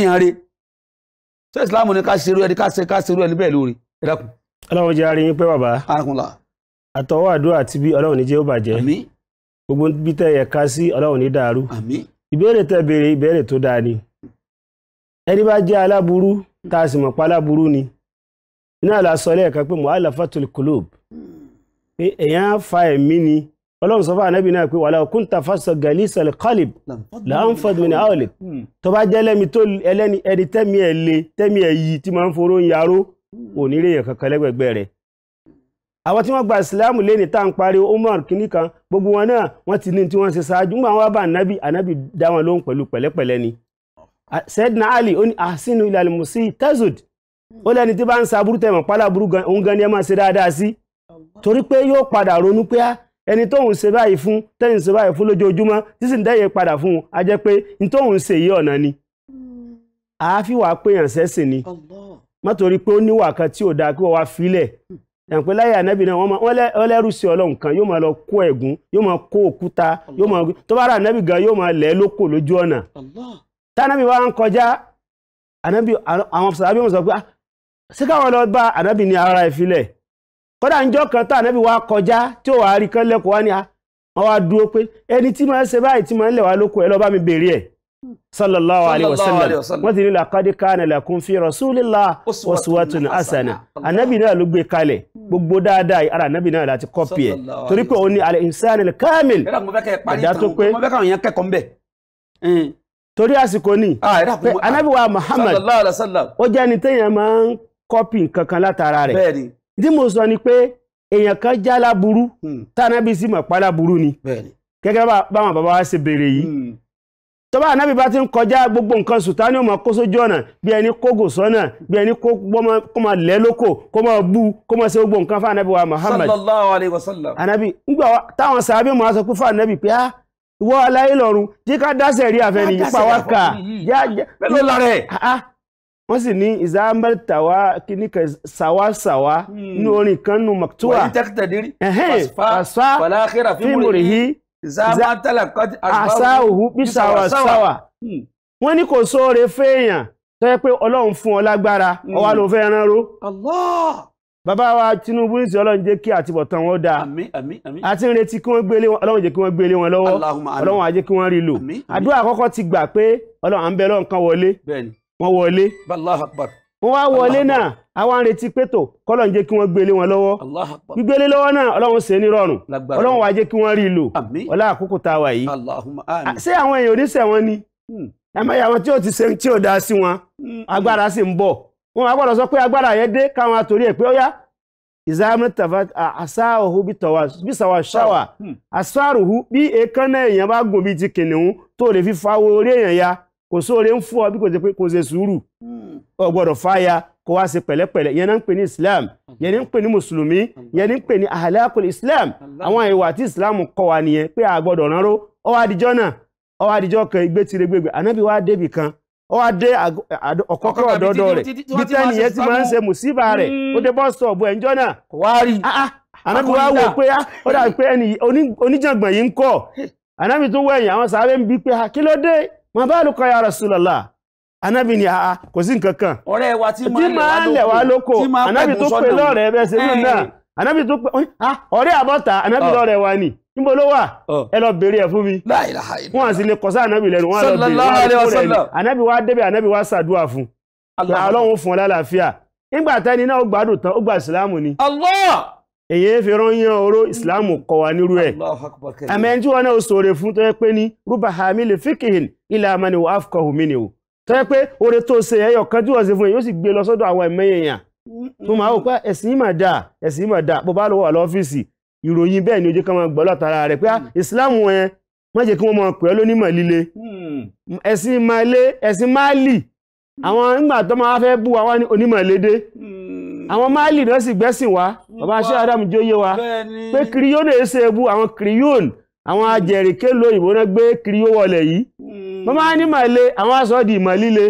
ni ká ẹni ká ṣe ká ẹni bẹ́ẹ̀ lórí ẹ dákun. arin bàbá àdúrà bí ní gbogbo bí tẹ́ yẹ ká sí ọlọ́run ní dàrú ìbéèrè tẹ́ béèrè ìbéèrè tó dáa ni ẹni bá jẹ́ aláburú tá a sì mọ̀ pa aláburú ni iná la sọ lẹ́ẹ̀kan pé mu'allafatul qulub pé èèyàn fa ẹ̀mí ni ọlọ́run sọ fún ànábì náà pé walaw kunta fásitọ̀ galisal qalib lanfad min hawlik tó bá jẹ́ lẹ́mi tó ẹlẹ́ni ẹni tẹ́mi ẹ̀ le tẹ́mi ẹ̀ yí tí máa ń foró ń yaró òní rèèyàn kankan lẹ́gbẹ̀gbẹ̀ rẹ̀ àwọn tí wọ́n gba ìsìláàmù lé ní tàn parí Umar kìíní kan gbogbo wọn náà wọ́n ti ní tí wọ́n ṣe ṣáájú nígbà wọn bá ànábì ànábì dá wọn lóhùn pẹ̀lú pẹ̀lẹ́pẹ̀lẹ́ ni Sayyidina Ali ó ní ahsinu ilal musi tazud ó lẹ́ni tí bá ń sa burú tẹ̀mọ̀ pálá burú òun gan ni ẹ máa ṣe dáadáa sí torí pé yóò padà ronú pé ah, ẹni tóun ṣe báyìí fún tẹ́yìn ṣe báyìí fún lójoojúmọ́ sísì ń dẹ́yẹ padà fún un a jẹ́ pé ní tóun ṣe yí ọ̀nà ni àáfi pé yàn sẹ́sìn ni mọ́tòrí pé ó níwà kan tí ò dáa kí wọ́n wá filẹ̀ yànpẹ́ láyé ànábì náà wọ́n lẹ́rù sí ọlọ́run kan yóò máa lọ kó ẹ̀gún yóò máa kó òkúta yóò máa tó bá rà ànábì gan yóò máa lẹ̀ lóko lójú ọ̀nà tánábì wa ń kọjá ànábì àwọn sàbí wọn sọ pé ah, ṣé káwọn lọ bá ànábì ní ara ẹ̀ filẹ̀ kódà ńjọ́ kan tá ànábì wa kọjá tí ò wá rí kán lẹ́kọ̀ọ́ wá ní a ah, wọ́n wá dúró pé ẹni tí máa ń ṣe báyìí tí máa ń lẹ̀ wá lóko ẹ lọ bá mi béèrè ẹ̀ sallallahu alaihi wasallam wọ́n ti ní laqad kana lakum fi rasulillah uswatun hasana anabi náà ló gbé kalẹ̀ gbogbo dáadáa ara anabi náà láti kọ́pì ẹ̀ torí pé òun ni al-insan al-kamil ẹ̀dá tó pé torí àsìkò ni ah, pé anabi wa muhammad ó jẹ́ ẹni téèyàn máa ń kọ́pì nǹkan kan látara rẹ̀ tí mo sọ ni pé èèyàn kan já láburú hmm. tánábì sì mọ̀ pa láburú ni gẹ́gẹ́ báwọn bàbá wa ṣe béèrè yìí hmm tọ́ba ànábì bá ti ń kọjá gbogbo nǹkan sùtá ní ọmọ kó sójú ọ̀nà bí ẹni kógò sọ́nà bí ẹni kó máa lẹ́ lóko kó máa bú kó máa ṣe gbogbo nǹkan fún ànábì wa Muhammad sallallahu alayhi wa sallam ànábì ńgbà táwọn sàábì máa sọ pé fún ànábì pé á ah, ìwọ aláyé lọ́run jí ká dáṣẹ̀ rí àfẹ́ni yípa wá kà mélòó lára ẹ̀. Ah, ah. wọ́n sì ní ìzámbẹ́ tàwa kìnnìkan sàwásàwá hmm. ní orin kan nù mọ̀túwà wọ́n ti tẹ́kítẹ̀ dérí asa hmm. wọ́n ní kò sóore fẹ́yàn tó yẹ pé ọlọ́run fún ọ lágbára ó hmm. wá ló fẹ́ ránró bàbá wa Tinubu ní ti ọlọ́run jẹ́ kí àtibọ̀tán wọn dáa àti ń retí kí wọ́n gbélé wọn ọlọ́run jẹ́ kí wọ́n gbélé wọn lọ́wọ́ ọlọ́run á jẹ́ kí wọ́n rí lò àdúrà àkọ́kọ́ ti gbà pé ọlọ́run à ń bẹ ọlọ́run kan wọlé wọ́n wọlé wọ́n wá wọlé náà àwọn arìnrètí pétò kọ́lọ̀n jẹ́ kí wọ́n gbélé wọn lọ́wọ́ gbígbélé lọ́wọ́ náà ọlọ́run ṣe ní rọrùn ọlọ́run wá jẹ́ kí wọ́n rí ìlò ọlá àkókò tá a wà yìí ṣé àwọn èèyàn oníṣẹ́ wọn ni àmọ́yà hmm. àwọn tí ó ti ṣe tí ó dá sí wọn hmm. agbára sì ń bọ̀ wọn wá gbọ́dọ̀ sọ pé agbára yẹn dé káwọn àtòrí ẹ̀ pé ó yá ìzáàmù tàfà àṣà òhun bí sàwà ṣáwà àṣà òhun bí èékánná èèyàn bá gùn bíi ti kìnìún tó lè fi fa owó orí èèyàn kò sóore ń fún ọ bí kò ṣe pé kò ṣe sùúrù ọ hmm. gbọ́dọ̀ fàyà wá ṣe pẹ̀lẹ́pẹ̀lẹ́ yẹn náà ń pè ní islam yẹn ní ń pè ní mùsùlùmí yẹn ní ń pè ní ahlakul islam àwọn ìwà tí islam kọ́ wa nìyẹn pé a gbọ́dọ̀ ránró ọ wá dijọ́ náà ọ wá dijọ́ kan ìgbé tire gbégbé ànábì wá débì kan ọ wá dé ọ̀kọ́kọ́ ọ̀dọ́dọ́ rẹ̀ bí tẹ́ni yẹn ti máa ń ṣe mùsíbà rẹ̀ hmm. ó dé bọ́ọ̀sì ọ̀bù ẹ̀ náà ah, ah. ànábì wá wò pé ah, ma bá lùkọ ya Rasulullah anábì ni àá kò sí nǹkan kan ọ̀rẹ́ wa tí máa ń lẹ̀ wá lóko anábì tó pe lọ́rẹ̀ẹ́ bẹ́ẹ̀ ṣe lóun náà anábì tó pẹ́ ọ̀rẹ́ àbọ́ta anábì lọ́rẹ̀ wa ni níbo ló wà ẹ lọ bèrè ẹ̀ fún mi wọn àti lè kọsá anábì lẹ́nu wọn lọ bèrè wọn lọ bèrè anábì wa débẹ̀ anábì wa ṣàdúrà fún ọlọ́run fún ọ lálàáfíà nígbà tẹ́ni náà ó gbádùn tán ó gbà ìsìlámù ni. Allah èyí fi rán oró ìsìláàmù nírú ẹ̀ àmẹ́ni tí wọ́n náà sọ̀rọ̀ fún tó yẹ pé ní rúbà hàmí ilẹ̀ wà ni o tó yẹ pé oore tó ṣe ẹyọ kan tí fún yóò sì gbé lọ sọ́dọ̀ àwọn ẹ̀mẹ́ èèyàn tó máa wò pé ẹ̀sìn dà ẹ̀sìn dà bó bá lọ wà lọ́fíìsì ìròyìn bẹ́ẹ̀ ni ojú kan máa gbọ́ látara rẹ̀ pé ah, hmm. ìsìláàmù má jẹ́ kí wọ́n máa pè ọ́ líle hmm. ẹ̀sìn hmm. máa lé ẹ̀sìn máa àwọn máàlì náà sì gbẹ́sìn wá bàbá aṣọ adam jóyé wa pé kiriyónù èsè ebu àwọn kiriyón àwọn ajẹ̀rìnkélo òyìnbó náà gbé kiriyó wọlé yìí wọ́n hmm. máa ní màlẹ́ àwọn aṣọ di ìmọ̀líle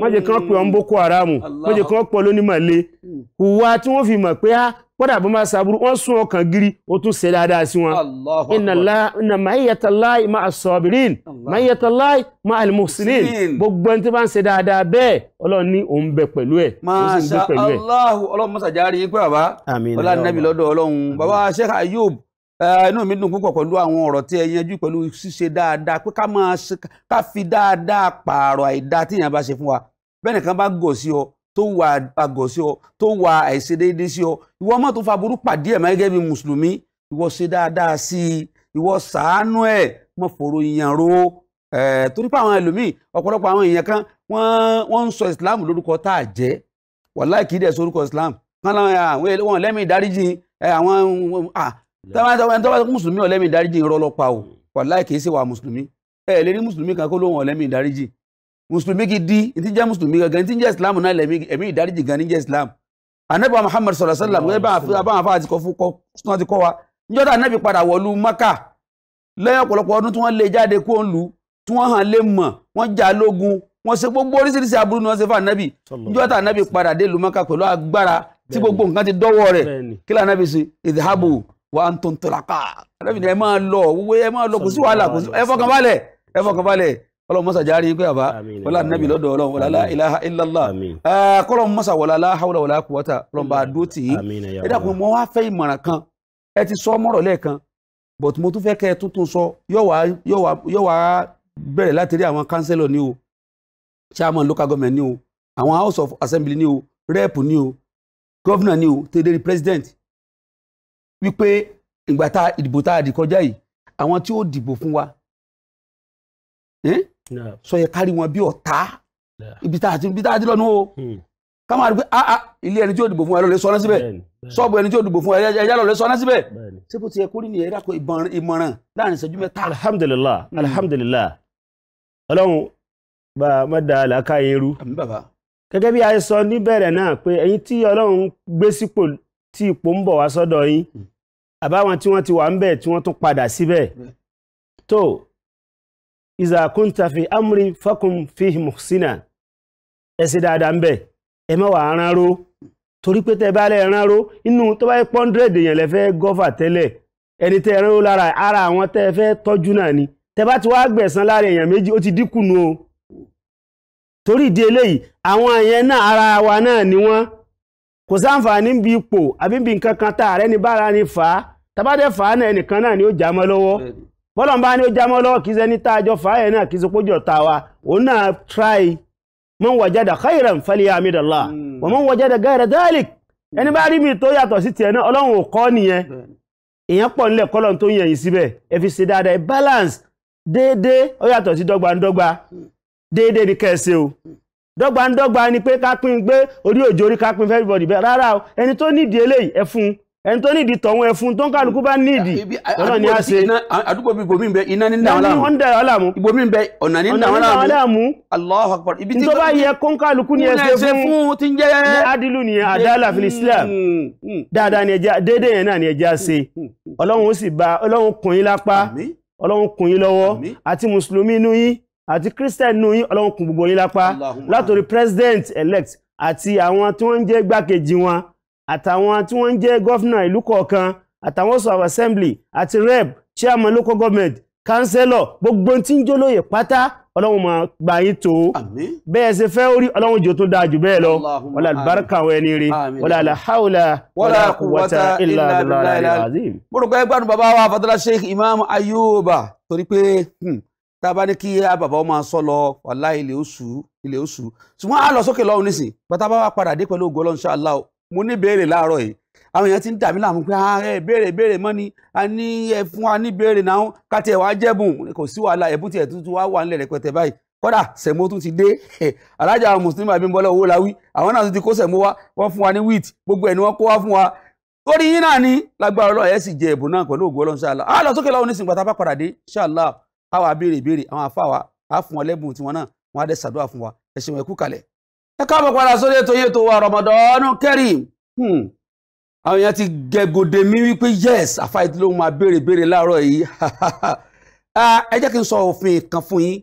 wọ́n hmm. jẹ́ kí wọ́n ọ́n boko haram wọ́n pọ̀ lónìí màlẹ́ hùwà tí wọ́n fi mọ̀ pé ah, kódà bó máa sàbúrú wọ́n sún ọkàn gírí ó tún ṣe dáadáa sí wọn iná mayyatallahi ma as-sabirin mayyatallahi ma al-muhsinin gbogbo ẹni tí bá ń ṣe dáadáa bẹ́ẹ̀ ọlọ́run ní òun bẹ pẹ̀lú ẹ̀ Masha Allah ọlọ́run mọ́sàjárí pé bàbá ọlọ́run nẹ́bí lọ́dọ̀ ọlọ́run bàbá Sheikh Ayub eh, inú mi dùn púpọ̀ pẹ̀lú àwọn ọ̀rọ̀ tí ẹ yanjú pẹ̀lú ṣíṣe dáadáa pé ká tó wà àgọ̀ sí ọ tó wà àìṣedéédé sí ọ ìwọ má tó fa burú pàdé ẹ̀ máa gẹ́gẹ́ bí mùsùlùmí ìwọ ṣe dáadáa sí i ìwọ ṣàánú ẹ̀ mọ̀ fòrò ìyàn ro ẹ̀ torí pé àwọn ẹlòmíì ọ̀pọ̀lọpọ̀ àwọn èèyàn kan wọ́n ń sọ Islam, lórúkọ tá à jẹ́ wàláì kì í dẹ̀ sórúkọ ìsìláàmù kan láwọn àwọn lẹ́mìí ìdáríjì àwọn tọ́wọ́ mùsùlùmí ọ̀lẹ́mìí ìdáríjì rọ́lọ́pàá o wàláì kì í ṣe wà mùsùlùmí ẹ̀ lérí mùsùlùmí kan kó lóhùn ọ̀lẹ́mìí ìdáríjì mùsùlùmí gidi ìtí jẹ́ mùsùlùmí gangan ìtí jẹ́ islam náà lẹ́mí ẹ̀mí ìdáríjì gan ní jẹ́ islam anabi muhammad sallallahu alaihi wasallam gẹ́gẹ́ bá àfa àti kọfú kọ sún àti kọ wa níjọ́ tá anabi padà wọ̀lú maka lẹ́yìn ọ̀pọ̀lọpọ̀ ọdún tí wọ́n lé jáde kó ń lu tí wọ́n hàn lé mọ̀ wọ́n jà lógun wọ́n ṣe gbogbo oríṣiríṣi aburú ni wọ́n ṣe fún anabi níjọ́ tá anabi padà dé lu maka pẹ̀lú agbára tí gbogbo nǹkan ti dọ́wọ́ rẹ̀ kí lànà bí ṣe ìdíhábò wa ń la ká anabi ni ẹ máa lọ ẹ máa lọ kò sí wàhálà kò sí ẹ fọkànbalẹ̀ ẹ fọkànbalẹ̀ ọlọ́run mọ́sà járí pé àbá nabi nàbì lọ́dọ̀ ọlọ́run la ilaha illallah kọ́lọ́run mọ́sà wọlá láhàwọlá wọlá kùwọ́tà ọlọ́run bá dó tì í ẹ dàpọ̀ mọ́ wá fẹ́ ìmọ̀ràn kan ẹ ti sọ mọ́rọ̀ lẹ́ẹ̀kan but mo tún fẹ́ kẹ́ ẹ tuntun sọ yóò wá bẹ̀rẹ̀ láti àwọn councillor ni o chairman local government ni o àwọn house of assembly ni o rep ni o governor ni o tẹ̀lé president wípé ìgbà tá ìdìbò tá a dì kọjá yìí àwọn tí ó dìbò fún wa eh? sọ yẹ kárí wọn bí ọ̀tá ibi tá a ti ibi tá a ti lọ́nu o hmm. ká máa rí pé ah ah ilé ẹni tí yóò dìbò fún ẹ lọ́lẹ́ sọ́nà síbẹ̀ ṣọ́ọ̀bù ẹni tí yóò dìbò fún ẹ ẹja lọ́lẹ́ sọ́nà síbẹ̀ ṣé bó ti yẹ kó rí nìyẹn dàpọ̀ ìmọ̀ràn láàrin ìṣẹ́jú mẹ́ta. alhamdulilah hmm. alhamdulilah ọlọ́run bá a má da àlàkà yẹn rú gẹ́gẹ́ bí a sọ níbẹ̀rẹ̀ náà pé ẹ̀yin tí ọlọ́run gbé sípò tí ipò ń bọ̀ wá sọ́dọ̀ yín hmm. àbáwọn tí wọ́n ti wà ń bẹ̀ tí wọ́n tún padà síbẹ̀ tó iza kunta fi amri fakum fi muhsina ẹ ṣe dáadáa ń ẹ má wà torí pé tẹ́ bá lẹ́ inú tó bá yẹ ẹni tẹ ara àwọn tẹ́ fẹ́ náà ni tẹ́ bá ti wá gbẹ̀san lára èèyàn méjì ó ti dínkù wa náà ni kò sáǹfààní bí ipò àbí bí nǹkan kan ni fà á tabadẹ fà á náà ẹnìkan náà ni ó bọ́lọ̀n bá ní ó jámọ́ lọ́wọ́ kí sẹ́ni tá a náà kí sọ pójọ ta wa òun náà try man wajada khairan falyahmidillah hmm. wa man wajada ghaira dhalik hmm. ẹni bá rí mi tó yàtọ̀ sí tiẹ̀ náà ọlọ́run ò kọ́ nìyẹn èèyàn pọ̀ nílẹ̀ kọ́lọ́n tó yẹn yìí síbẹ̀ ẹ fi ṣe dáadáa ẹ balance déédéé ó yàtọ̀ sí dọ́gbandọ́gba hmm. déédéé ni kẹ́ ẹ ṣe o dọ́gbandọ́gba ni pé ká gbé orí òjò orí ká pín everybody bẹ́ẹ̀ rárá o ẹni tó nídìí eléyìí ẹ fún un ẹni tó nídìí tọ̀hún ẹ̀fún tó ń kálukú bá nídìí ọ̀nà ni a ṣe. àdúgbò mi ibòmí bẹ iná nínú àwọn aláàmú. ọ̀nà aláàmú. ibòmí bẹ ọ̀nà nínú àwọn aláàmú. Allahu Akbar. ibi tí tó bá yẹ kó ń kálukú ni ẹ ṣe fún ti ń jẹ́. ní adilu ni adala hmm. fil Islam hmm. dáadáa ni ẹja déédéé yẹn náà ni ẹja ṣe hmm. ọlọ́run ó sì bá ọlọ́run kùn yín lápá ọlọ́run kùn yín lọ́wọ́ àti mùsùlùmí inú yín àti christian inú yín àtàwọn tí wọ́n ń jẹ́ gọ́fìnà ìlú kọ̀ọ̀kan àtàwọn ọ̀sọ̀ àwọn assembly àti rep chairman local government councillor gbogbo tí ń jólóyè pátá ọlọ́run máa gbà yín tó bẹ́ẹ̀ ṣe fẹ́ orí ọlọ́run jò tó dáa jù bẹ́ẹ̀ lọ wala àlùbáríkà àwọn ẹni rí wala àlàháùlà wala quwwata illa billahi alazim. mo rò pé gbádùn bàbá wa fadala sheikh imam ayuba torí pé hmm, tá a bá ní kí bàbá ọmọ sọ lọ wàlá ilé oṣù ilé oṣù ṣùgbọ́n a lọ mo ní béèrè láàárọ̀ yìí àwọn èèyàn ti ń dà mí láàmú pé ah, ẹ béèrè béèrè mọ́ ni a ní ẹ fún wa ní béèrè náà káti ẹ̀ wá jẹ́bùn kò sí wàhálà ẹ̀bùn tiẹ̀ tuntun wá wà nílẹ̀ rẹpẹtẹ báyìí kódà sẹ̀mó tún ti dé alájà mùsùlùmí Abímbọ́lá Owólawí àwọn náà tún ti kó sẹ̀mó wá wọ́n fún wa ní wheat gbogbo ẹ̀ ni wọ́n kó wá fún wa lórí yín náà ni lágbára Ọlọ́run ẹ̀ sì jẹ ẹ̀bùn náà pẹ̀lú ògo Ọlọ́run ṣáàlà á lọ sókè lọ́wọ́ nísìnyí pàtàkì padà dé ṣáàlà á wà béèrè àwọn àfáà á fún wọn lẹ́bùn tiwọn náà wọn á dẹ̀ ṣàdúrà fún wa ẹ wọn ẹ kalẹ̀ ẹ káàbọ̀ padà sórí ètò yìí ètò wa Ramadan Kareem hmm. àwọn èèyàn ti gẹ̀gòdè mi wípé yes àfáìtì ló máa béèrè béèrè láàárọ̀ yìí ẹ jẹ́ kí n sọ òfin kan fún yín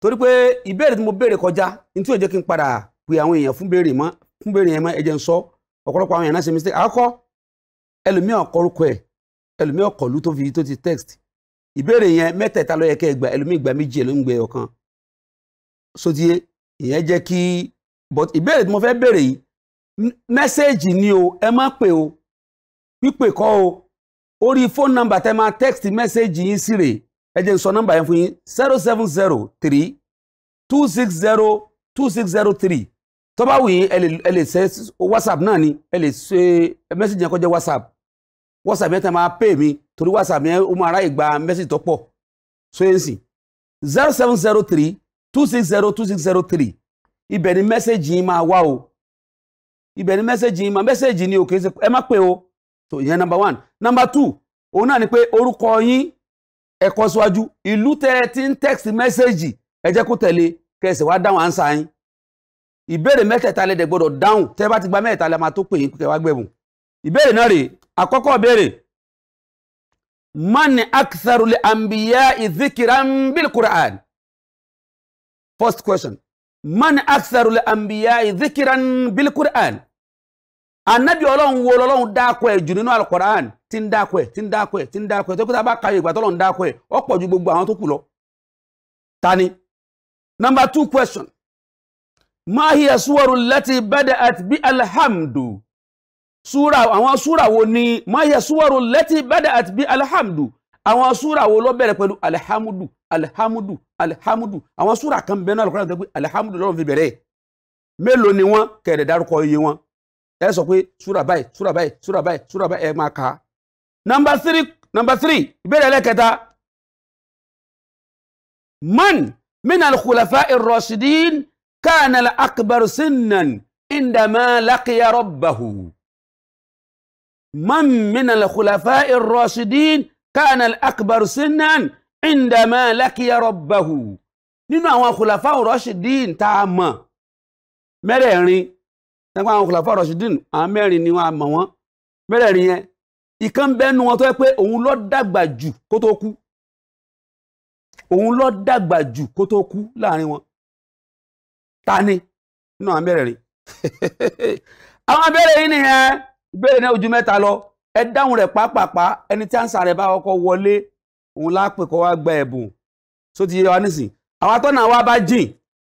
torí pé ìbéèrè tí mo béèrè kọjá ní tí ò jẹ́ kí n padà pe àwọn èèyàn fún béèrè mọ́ fún béèrè yẹn mọ́ ẹ jẹ́ n sọ ọ̀pọ̀lọpọ̀ àwọn èèyàn náà ṣe mistake àkọ́kọ́ ẹlòmíràn kọ text ìbéèrè yẹn mẹ́tẹ̀ẹ̀ta ló yẹ kẹ́ ẹ gbà ẹlòmíì gbà méjì ẹlòmíì gbà ẹ̀yọ̀kan sotiye ìyẹn but ìbéèrè tí mo fẹ́ béèrè yìí mẹ́sẹ̀gì ni o ẹ má pè o pípè kọ́ o orí fóònù nọ́mbà tẹ́ máa text mẹ́sẹ̀gì yín sí rè ẹ jẹ́ n sọ nọ́mbà yẹn fún yín zero seven zero three two six zero two six zero three tó bá wù yín ẹ lè ṣe whatsapp náà ni ẹ lè ṣe mẹ́sẹ̀gì yẹn kó jẹ́ whatsapp whatsapp yẹn tẹ́ máa pè mí torí whatsapp yẹn ó máa ráyè gba mẹ́sẹ̀gì tó pọ̀ so yẹn zero seven zero three two six zero two six zero three ibẹ̀ ni mẹ́sẹ̀jì yín máa wá o ibẹ̀ ni mẹ́sẹ̀jì yín máa mẹ́sẹ̀jì ni òkè ẹ má pè o so ìyẹn number one number two òun náà ni pé orúkọ yín ẹ̀kọ́ síwájú ìlú tẹ́ ẹ ti ń text mẹ́sẹ̀jì ẹ jẹ́ kó tẹ̀lé kẹsẹ̀ wá dáhùn àǹsà yín ìbéèrè mẹ́tẹ̀ẹ̀ta lẹ́dẹ̀ gbọ́dọ̀ dáhùn tẹ́ bá ti gba mẹ́tẹ̀ẹ̀ta lẹ́ máa tó pè yín kẹ́ wá gbẹ̀bùn ìbéèrè náà rèé àkọ́kọ́ béèrè mani aktharul Ambiya. idhikiran bil quran first question man aksarul anbiya zikiran bil quran anabi ọlọ́run wo ọlọ́run dáko ẹ̀ jù nínú alukoran tí ń dáko ẹ̀ tí ń dáko ẹ̀ tí ń dáko ẹ̀ tó kí tá bá kàwé ìgbà tọ́lọ́run dáko ẹ̀ ó pọ̀ ju gbogbo àwọn tó kù lọ. tani number two question mahiya suwaru lati bada bi alhamdu súra àwọn súra wo ni mahiya suwaru lati bada bi alhamdu àwọn súra wo ló bẹ̀rẹ̀ pẹ̀lú alihamudu alihamudu alihamudu àwọn súra kan bẹ̀rẹ̀ náà lọ́kọ́ra tó pé alihamudu lọ́rùn fi bẹ̀rẹ̀ mélòó ni wọ́n kẹ̀rẹ̀ dárúkọ iye wọn ẹ sọ pé súra báyìí súra báyìí súra báyìí súra báyìí ẹ máa kà á. nọmba tírí nọmba tírí ìbéèrè ẹlẹ́kẹta man min alkhulafa irrasidin kana akbar sinnan indama laqiya rabbahu man min alkhulafa irrasidin كان الأكبر sinan عندما lakiya rabbahu nínú àwọn خلفاء rọ́ṣìdín tá a mọ̀ mẹ́rẹ̀ẹ̀rin nípa àwọn kùlàfà rọ́ṣìdín àwọn mẹ́rin ni wọ́n a mọ̀ wọ́n mẹ́rẹ̀ẹ̀rin yẹn ìkan bẹ́nu wọn tó yẹ pé òun ló dàgbà jù kó tó kú òun ló dàgbà jù kó tó kú láàrin ni nínú àwọn mẹ́rẹ̀ẹ̀rin àwọn abẹ́rẹ́ yìí ẹ dáhùn rẹ̀ pápápá ẹni tí àǹsà rẹ̀ bá kọ́kọ́ wọlé òun lápè kó wá gba ẹ̀bùn tó ti yé wa nísìn àwọn atọ́nà wa bá jìn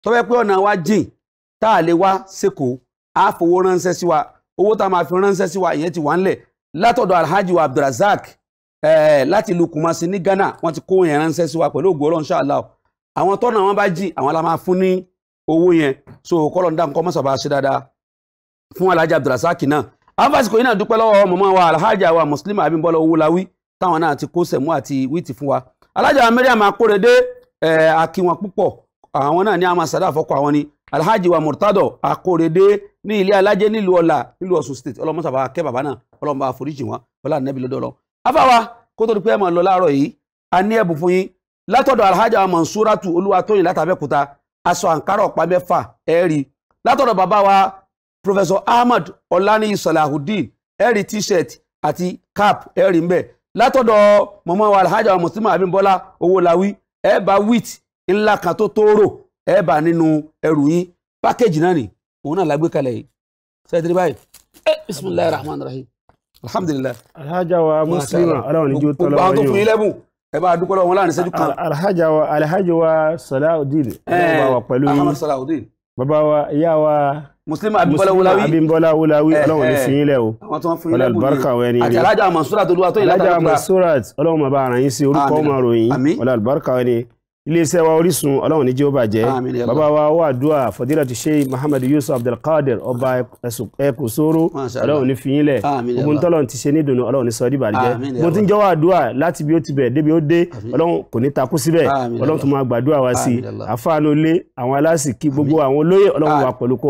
tó fẹ́ pé ọ̀nà wa jìn tá a lè wá sẹ́kọ̀ọ́ á fowó ránṣẹ́ sí wa owó tá a máa fi ránṣẹ́ sí wa ìyẹn ti wà ńlẹ̀ látọ̀dọ̀ alhaji wa abdulrasaq eh, láti ìlú Kumasi ní Ghana wọ́n ti kó yẹn ránṣẹ́ sí wa pẹ̀lú ògo Ọlọ́run ṣáàlá àwọn tọ́nà wọn bá jìn àwọn la máa fún ní owó yẹn so kọ́lọ̀ ń dá nǹkan mọ́sàbá ṣe dáadáa fún alhaji abdulrasaq náà àfàsìkò yìí náà dúpẹ́ lọ́wọ́ mọ̀mọ́ wa alhaja wa mùsùlùmí abímbọ́lá owólawí táwọn náà ti kó sẹ̀mú àti wíìtì fún wa alhaja wa mariam akórèdé àkíwọn púpọ̀ àwọn náà ní àwọn sàdá àfọkọ àwọn ni alhaji wa murtado akórèdé ní ilé alájẹ nílùú ọlà nílùú Ọ̀ṣun state ọlọmọsàbà kẹ bàbá náà ọlọmọ àforíjì wọn ọlá nẹbi lọ́dọ̀ lọ. afáwa kó tó di pé ẹ máa lọ láàárọ̀ yìí a ní ẹ̀bùn fún yín látọ̀dọ̀ wa professor ahmad Olani salahudeen ẹ̀rí t-shirt àti cap ẹ̀rí ń bẹ̀ látọ̀dọ̀ mọ̀mọ́ wa alhaja wa mùsùlùmí abimbola owólawí ẹ bá wheat ńlá kan tó tóóró ẹ bá nínú ẹrù yín pákéjì náà ni òun náà lágbé kalẹ̀ yìí sẹ́tìrì báyìí bisimilayi rahman rahim alhamdulilayi. alhaja wa mùsùlùmí aláwọ̀ níjú tọ́lọ́wọ́ yìí o gbogbo àwọn tó fún yín ẹ bá dúpẹ́ wọn láàrin sẹ́jú kan. alhaja wa alhaja wa salahudeen. ẹ ẹ ahmed eh, salahudeen. baba wa muslim abimbola wulawi abimbola wulawi eh, ọlọ́run ní eh. fìyín lẹ o ọlọ́run alibarika wẹ ni rí àti alájà mansurat olúwa tó yìí látàrí gbà alájà mansurat ọlọ́run máa bá ara yín sí orúkọ máa ròyìn ọlọ́run alibarika wẹ iléeṣẹ́ wa orísun ọlọ́run ní jẹ́ ó bàjẹ́ bàbá wa wà dùà fadilatu sheikh muhammad yusuf abdulkadir ọba ẹkùn sóró ọlọ́run ní fiyínlẹ̀ ogun tọ́lọ́run ti ṣe ní ìdùnnú ọlọ́run ní sọ di bàjẹ́ mo ti ń jọ́ wà dùà láti bí ó ti bẹ̀ débi ó dé ọlọ́run kò ní takú síbẹ̀ ọlọ́run tó máa gbàdúrà wa sí i àfààní olé àwọn aláṣìkí gbogbo àwọn olóyè ọlọ́run wà pẹ̀lú kó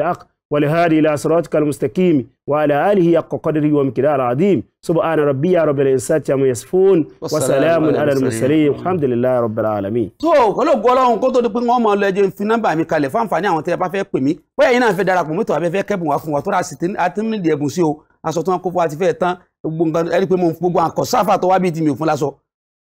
wa والهادي إلى صراطك المستقيم وعلى آله حق قدره ومقداره العظيم سبحان ربي رب العزة عما يصفون وسلام على المرسلين الحمد لله رب العالمين. tó pẹ̀lú ògo ọlọ́run kó tó di pé wọ́n mọ lẹ́jọ́ fi nọ́mbà mi kalẹ̀ fún àǹfààní àwọn tí ẹ bá fẹ́ pè mí bóyá yín náà fẹ́ darapọ̀ mọ́tò abẹ́fẹ́ kẹ́bùn wá fún wa tó rà sí àti nídìí ẹ̀bùn sí o aṣọ tí wọ́n kó fún wa ti fẹ́ tán gbogbo nǹkan ẹni pé mo gbogbo àkọ́ sáfà tó wá bíi ti mi ò fún láṣọ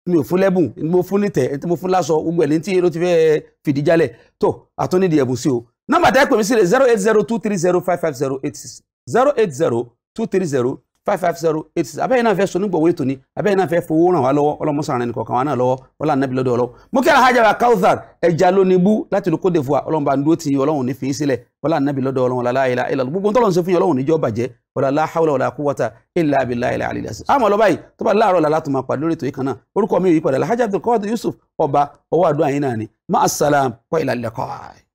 mi ò fún lẹ́bùn mo fún nítẹ̀ mo fún láṣọ gbogbo ẹ̀ ní tí ló ti fẹ́ fìdí jálẹ̀ tó àtúndìdí ẹ̀bùn sí o nọ́mbà tẹ́ pè mí sí rẹ̀ zero eight zero two three zero five five zero eight six zero eight zero two three zero five five zero eight six abẹ́yẹn náà fẹ́ sọ nígbà wo ètò ni abẹ́yẹn náà fẹ́ fowó ràn wá lọ́wọ́ ọlọ́mọsàn rẹ̀ nìkan kan wá náà lọ́wọ́ ọlọ́ ànábì lọ́dọ̀ ọlọ́ mo kí alhaja wa kawthar ẹja lónìbú láti lu kóde fún ọlọ́mọba ndúró ti ọlọ́run nífi sílẹ̀ ọlọ́ ànábì lọ́dọ̀ ọlọ́run ọlọ́lá ilà ilà gbogbo ntọ́lọ́run ṣe fún yín ọlọ́run níjọ́ bàjẹ́ ọlọ́lá hawla wàlá kúwọ́ta